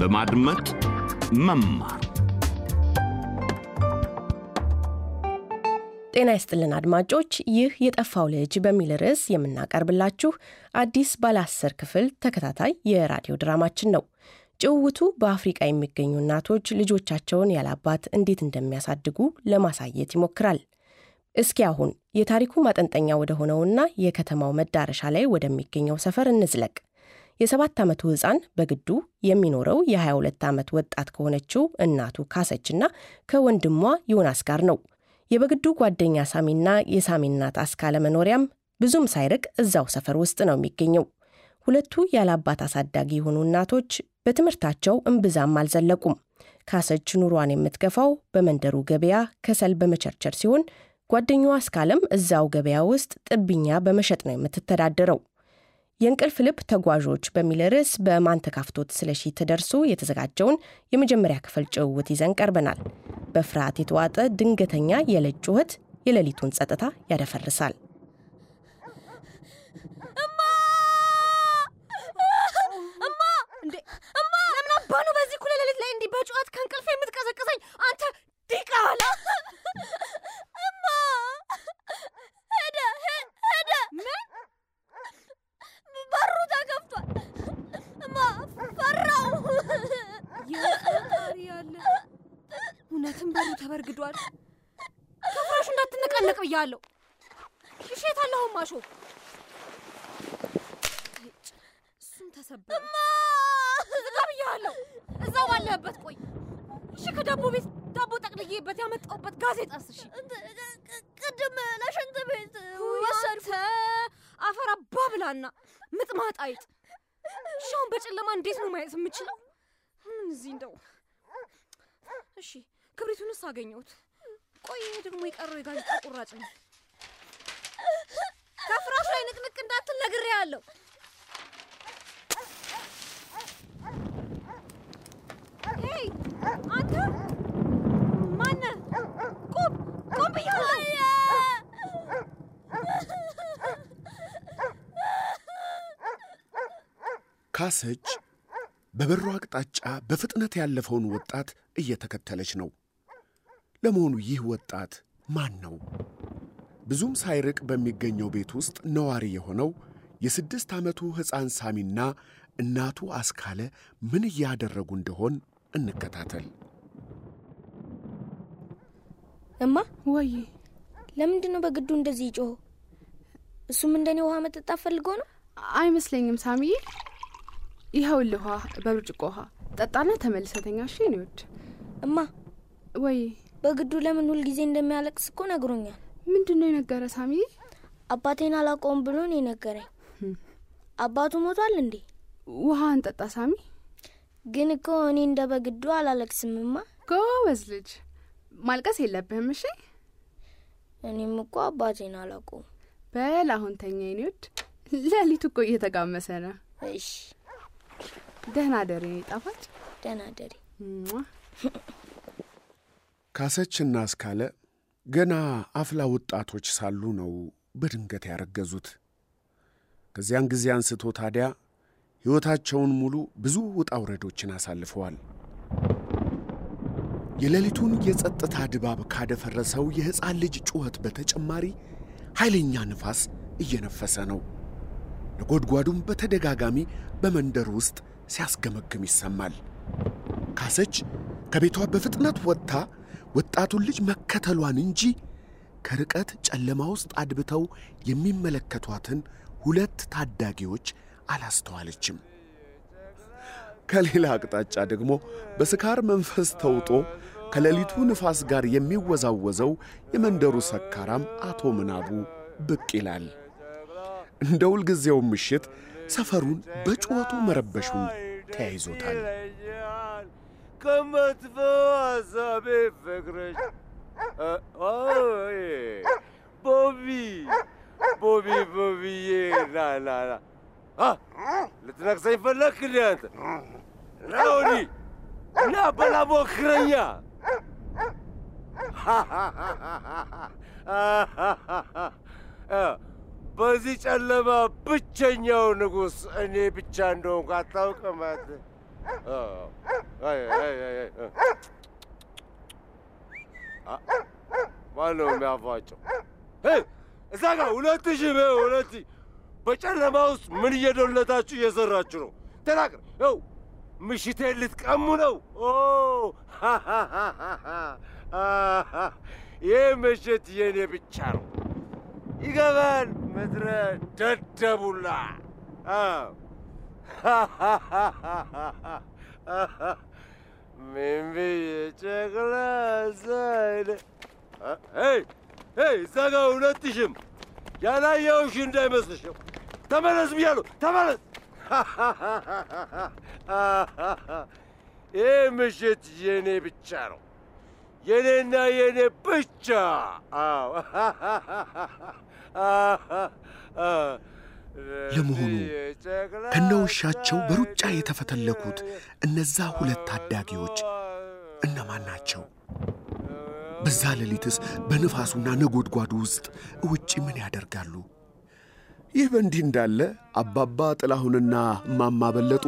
በማድመጥ መማር ጤና ይስጥልን አድማጮች፣ ይህ የጠፋው ልጅ በሚል ርዕስ የምናቀርብላችሁ አዲስ ባለ አስር ክፍል ተከታታይ የራዲዮ ድራማችን ነው። ጭውውቱ በአፍሪቃ የሚገኙ እናቶች ልጆቻቸውን ያላባት እንዴት እንደሚያሳድጉ ለማሳየት ይሞክራል። እስኪ አሁን የታሪኩ ማጠንጠኛ ወደ ሆነውና የከተማው መዳረሻ ላይ ወደሚገኘው ሰፈር እንዝለቅ። የሰባት ዓመቱ ህፃን በግዱ የሚኖረው የ22 ዓመት ወጣት ከሆነችው እናቱ ካሰችና ከወንድሟ ዮናስ ጋር ነው። የበግዱ ጓደኛ ሳሚና የሳሚ እናት አስካለ መኖሪያም ብዙም ሳይርቅ እዛው ሰፈር ውስጥ ነው የሚገኘው። ሁለቱ ያለአባት አሳዳጊ የሆኑ እናቶች በትምህርታቸው እምብዛም አልዘለቁም። ካሰች ኑሯን የምትገፋው በመንደሩ ገበያ ከሰል በመቸርቸር ሲሆን ጓደኛዋ አስካለም እዛው ገበያ ውስጥ ጥብኛ በመሸጥ ነው የምትተዳደረው። የእንቅልፍ ልብ ተጓዦች በሚል ርዕስ በማንተካፍቶት ስለሺ ተደርሶ የተዘጋጀውን የመጀመሪያ ክፍል ጭውውት ይዘን ቀርበናል። በፍርሃት የተዋጠ ድንገተኛ የሌሊት ጩኸት የሌሊቱን ጸጥታ ያደፈርሳል። ተበርግዷል። ከፍራሹ እንዳትነቀነቅ ብያለሁ። ሽሸት አለሁም ማሾ እሱም ተሰበረ። ዝጋ ብያለሁ። እዛው ባለህበት ቆይ። እሺ፣ ከዳቦ ቤት ዳቦ ጠቅልዬበት ያመጣውበት ጋዜጣስ? እሺ፣ ቅድም ለሽንት ቤት ወሰድኩ። አፈር አባ ብላና ምጥማጥ አይጥ። እሺ፣ በጨለማ እንዴት ነው ማየት የምችለው? ምን እዚህ እንደው እሺ ክብሪቱንስ አገኘሁት። ቆይ ይሄ ደግሞ የቀረው የጋዜጣ ቁራጭ ነው። ከፍራሽ ላይ ንቅንቅ እንዳትል አለው ሄይ አንተ ማነ? ቁም ቁም ብያለሁ። ካሰች በበሩ አቅጣጫ በፍጥነት ያለፈውን ወጣት እየተከተለች ነው። ለመሆኑ ይህ ወጣት ማን ነው? ብዙም ሳይርቅ በሚገኘው ቤት ውስጥ ነዋሪ የሆነው የስድስት ዓመቱ ሕፃን ሳሚና እናቱ አስካለ ምን እያደረጉ እንደሆን እንከታተል። እማ፣ ወይ ለምንድን ነው በግዱ እንደዚህ ጮ እሱም እንደኔ ውሃ መጠጣት ፈልጎ ነው አይመስለኝም። ሳሚዬ፣ ይኸውልህ ውሃ፣ በብርጭቆ ውሃ ጠጣና ተመልሰተኛ። እሺ፣ እኔ ውድ እማ። ወይ በግዱ ለምን ሁልጊዜ እንደሚያለቅስ እኮ ነግሮኛል። ምንድን ነው የነገረ ሳሚ? አባቴን አላውቀውም ብሎ ነው የነገረኝ። አባቱ ሞቷል እንዴ? ውሃ እንጠጣ ሳሚ። ግን እኮ እኔ እንደ በግዱ አላለቅስምማ። ጎበዝ ልጅ፣ ማልቀስ የለብህም እሺ። እኔም እኮ አባቴን አላውቀውም። በል አሁን ተኛ የኔ ውድ፣ ሌሊቱ እኮ እየተጋመሰ ነው። እሺ፣ ደህና ደሪ ጣፋጭ፣ ደህና ደሪ። ካሰችና እስካለ ገና አፍላ ወጣቶች ሳሉ ነው በድንገት ያረገዙት። ከዚያን ጊዜ አንስቶ ታዲያ ሕይወታቸውን ሙሉ ብዙ ውጣ ውረዶችን አሳልፈዋል። የሌሊቱን የጸጥታ ድባብ ካደፈረሰው የሕፃን ልጅ ጩኸት በተጨማሪ ኃይለኛ ንፋስ እየነፈሰ ነው። ነጎድጓዱም በተደጋጋሚ በመንደር ውስጥ ሲያስገመግም ይሰማል። ካሰች ከቤቷ በፍጥነት ወጥታ ወጣቱን ልጅ መከተሏን እንጂ ከርቀት ጨለማ ውስጥ አድብተው የሚመለከቷትን ሁለት ታዳጊዎች አላስተዋለችም። ከሌላ አቅጣጫ ደግሞ በስካር መንፈስ ተውጦ ከሌሊቱ ንፋስ ጋር የሚወዛወዘው የመንደሩ ሰካራም አቶ ምናቡ ብቅ ይላል። እንደ ሁልጊዜው ምሽት ሰፈሩን በጩኸቱ መረበሹን ተያይዞታል። ከመጥፎ ሀሳቤ ፍቅርሽ ቦቢ ቦቢ ቦቢዬ ናናና ልትነቅሰኝ ፈለክ እንዴ አንተ? ና ወዲህ ና በላ ሞክረኛ። በዚህ ጨለማ ብቸኛው ንጉሥ እኔ ብቻ እንደሆንኩ አታውቅም አንተ? ማነው የሚያፏቸው? እዛ ጋር ሁለት ሺህ በ ሁለት በጨለማ ውስጥ ምን እየዶለታችሁ እየሰራችሁ ነው? ተናገር ው ምሽቴን ልትቀሙ ነው? ይህ ምሽት የኔ ብቻ ነው። ይገባል ምድረ ደደቡላ Min büyüyecekler seni. Hey, hey sana ulat dişim. Yalan yavşun demez dişim. Tamamız mı yavrum, tamamız. İyiymiş et yeni bıçağım. Yenine yeni bıçağı. ለመሆኑ ከነውሻቸው በሩጫ የተፈተለኩት እነዛ ሁለት ታዳጊዎች እነማን ናቸው? በዛ ሌሊትስ በንፋሱና ነጎድጓዱ ውስጥ ውጪ ምን ያደርጋሉ? ይህ በእንዲህ እንዳለ አባባ ጥላሁንና እማማ በለጡ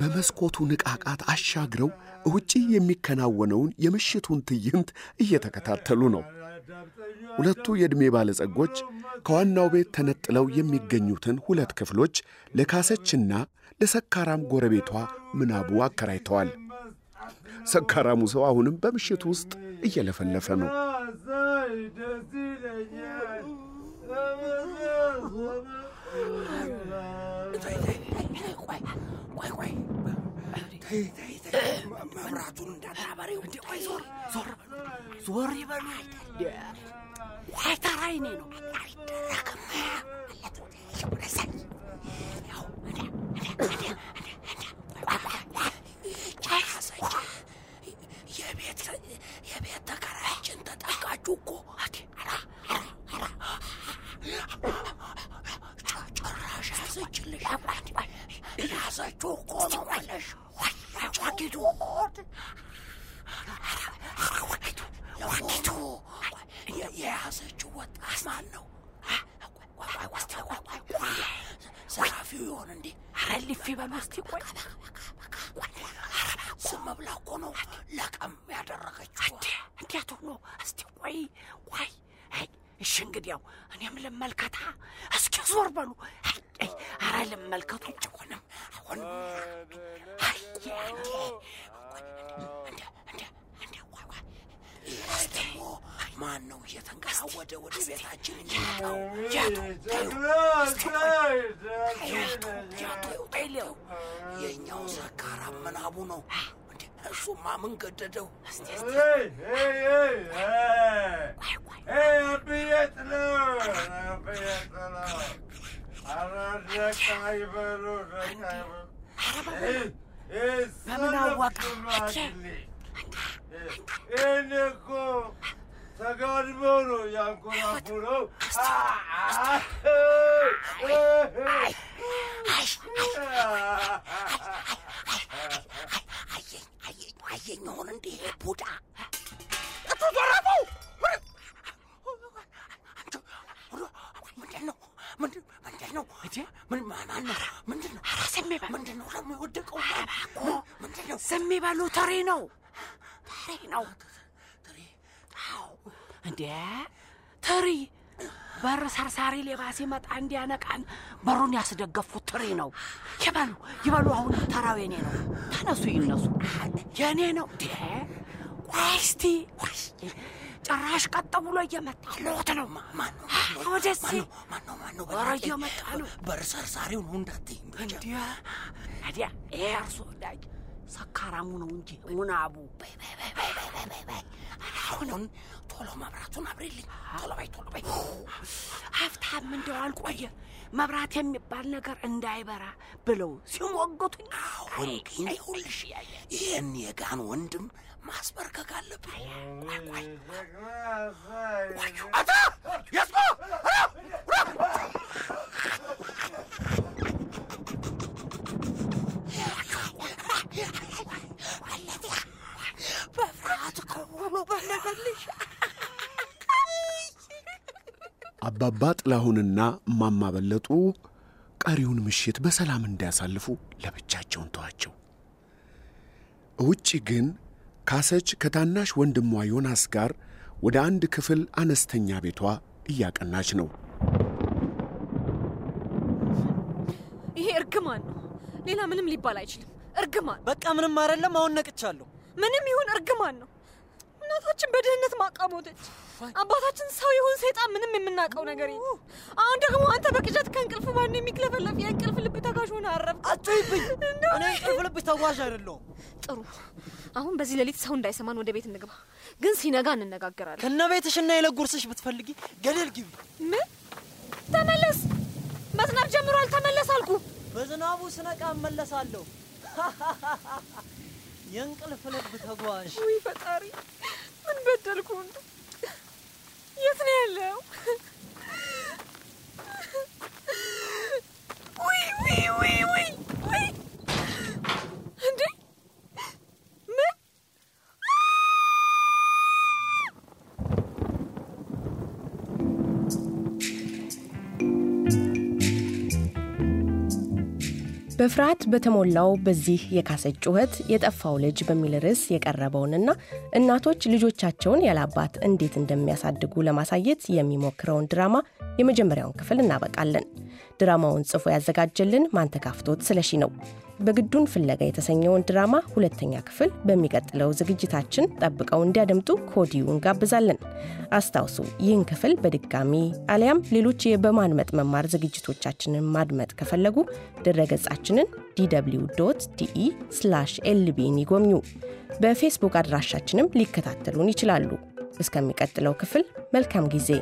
በመስኮቱ ንቃቃት አሻግረው ውጪ የሚከናወነውን የምሽቱን ትዕይንት እየተከታተሉ ነው። ሁለቱ የዕድሜ ባለጸጎች ከዋናው ቤት ተነጥለው የሚገኙትን ሁለት ክፍሎች ለካሰችና ለሰካራም ጎረቤቷ ምናቡ አከራይተዋል። ሰካራሙ ሰው አሁንም በምሽት ውስጥ እየለፈለፈ ነው። መብራቱን እንዳታበሪው ዞር ዞር ይበሉ Leiter rein in und Leiter, komm her. Alle tut, ich muss sagen. አረልፌ በማስቲ ቆይ ዝም ብላ እኮ ነው ለቀም ያደረገችው። እንዴት ሆኖ እስቲ ቆይ ቆይ። እሺ እንግዲያው እኔም ልመልከታ። እስኪ ዞር በሉ። አረ ልመልከቱ ጭሆንም አሁን እንዴ እንዴ እንዴ ማን ነው እየተንቀሳወደ ወደ ቤታችን የሚመጣው? የእኛው ሰካራ ምናቡ ነው። እሱማ ምን ገደደው? በምን አወቀ? ተጋድመው ነው ያንኮራፉ አየኝ አየኝ አየኝ አሁን እንደ ቡዳ ተዘረፈው። ምንድን ምንድን ነው ምን ማን ተሬ ነው ተሬ ነው ትሪ በር ሰርሳሪ ሌባ ሲመጣ እንዲያነቃን በሩን ያስደገፉት ትሪ ነው። ይበሉ ይበሉ፣ አሁን ተራው የኔ ነው። ተነሱ ይነሱ፣ የኔ ነው። ቆይስቲ ጭራሽ ቀጥ ብሎ እየመጣ ሎት ነው። ወደዚ ኧረ እየመጣ ነው። በር ሰርሳሪው ነው እንዳትይ እንዲያ እዲያ ይሄ እርሶ ዳጅ ሰካራሙ ነው እንጂ ሙናቡ። አሁንም ቶሎ መብራቱን አብሬልኝ። ቶሎ በይ፣ ቶሎ በይ። ሀብታም እንደው አልቆየ መብራት የሚባል ነገር እንዳይበራ ብለው ሲሞገቱኝ፣ አሁን ግን ይሁልሽ ያየ ይህን የጋን ወንድም ማስበርከክ አለብኝ ቆይ ቆይ አታ ያስቆ ሰዓት እኮ አባባ ጥላሁንና እማማ በለጡ ቀሪውን ምሽት በሰላም እንዲያሳልፉ ለብቻቸውን ተዋቸው። ውጪ ግን ካሰች ከታናሽ ወንድሟ ዮናስ ጋር ወደ አንድ ክፍል አነስተኛ ቤቷ እያቀናች ነው። ይሄ እርግማን ነው፣ ሌላ ምንም ሊባል አይችልም። እርግማን በቃ ምንም አይደለም። አሁን ነቅቻለሁ። ምንም ይሁን እርግማን ነው። እናታችን በድህነት ማቃሞተች። አባታችን ሰው ይሁን ሰይጣን ምንም የምናውቀው ነገር የለም። አሁን ደግሞ አንተ በቅዠት ከእንቅልፍ ማን የሚክለፈለፍ የእንቅልፍ ልብ ተጓዥ ሆነ አረብ አትይብኝ። እኔ እንቅልፍ ልብ ተጓዥ አይደለሁም። ጥሩ፣ አሁን በዚህ ሌሊት ሰው እንዳይሰማን ወደ ቤት እንግባ። ግን ሲነጋ እንነጋገራለን። ከነ ቤትሽና የዕለት ጉርስሽ ብትፈልጊ ገደል ግቢ። ምን ተመለስ፣ መዝናብ ጀምሯል። ተመለስ አልኩ። በዝናቡ ስነቃ እመለሳለሁ። የእንቅልፍ ልብ ተጓዥ። ውይ ፈጣሪ ምን በደልኩ? በፍርሃት በተሞላው በዚህ የካሴት ጩኸት የጠፋው ልጅ በሚል ርዕስ የቀረበውንና እናቶች ልጆቻቸውን ያላባት እንዴት እንደሚያሳድጉ ለማሳየት የሚሞክረውን ድራማ የመጀመሪያውን ክፍል እናበቃለን። ድራማውን ጽፎ ያዘጋጀልን ማንተካፍቶት ስለሺ ነው። በግዱን ፍለጋ የተሰኘውን ድራማ ሁለተኛ ክፍል በሚቀጥለው ዝግጅታችን ጠብቀው እንዲያደምጡ ኮዲዩ እንጋብዛለን። አስታውሱ፣ ይህን ክፍል በድጋሚ አሊያም ሌሎች የበማድመጥ መማር ዝግጅቶቻችንን ማድመጥ ከፈለጉ ድረገጻችንን ዲw ዲኢ ኤልቢን ይጎብኙ። በፌስቡክ አድራሻችንም ሊከታተሉን ይችላሉ። እስከሚቀጥለው ክፍል መልካም ጊዜ።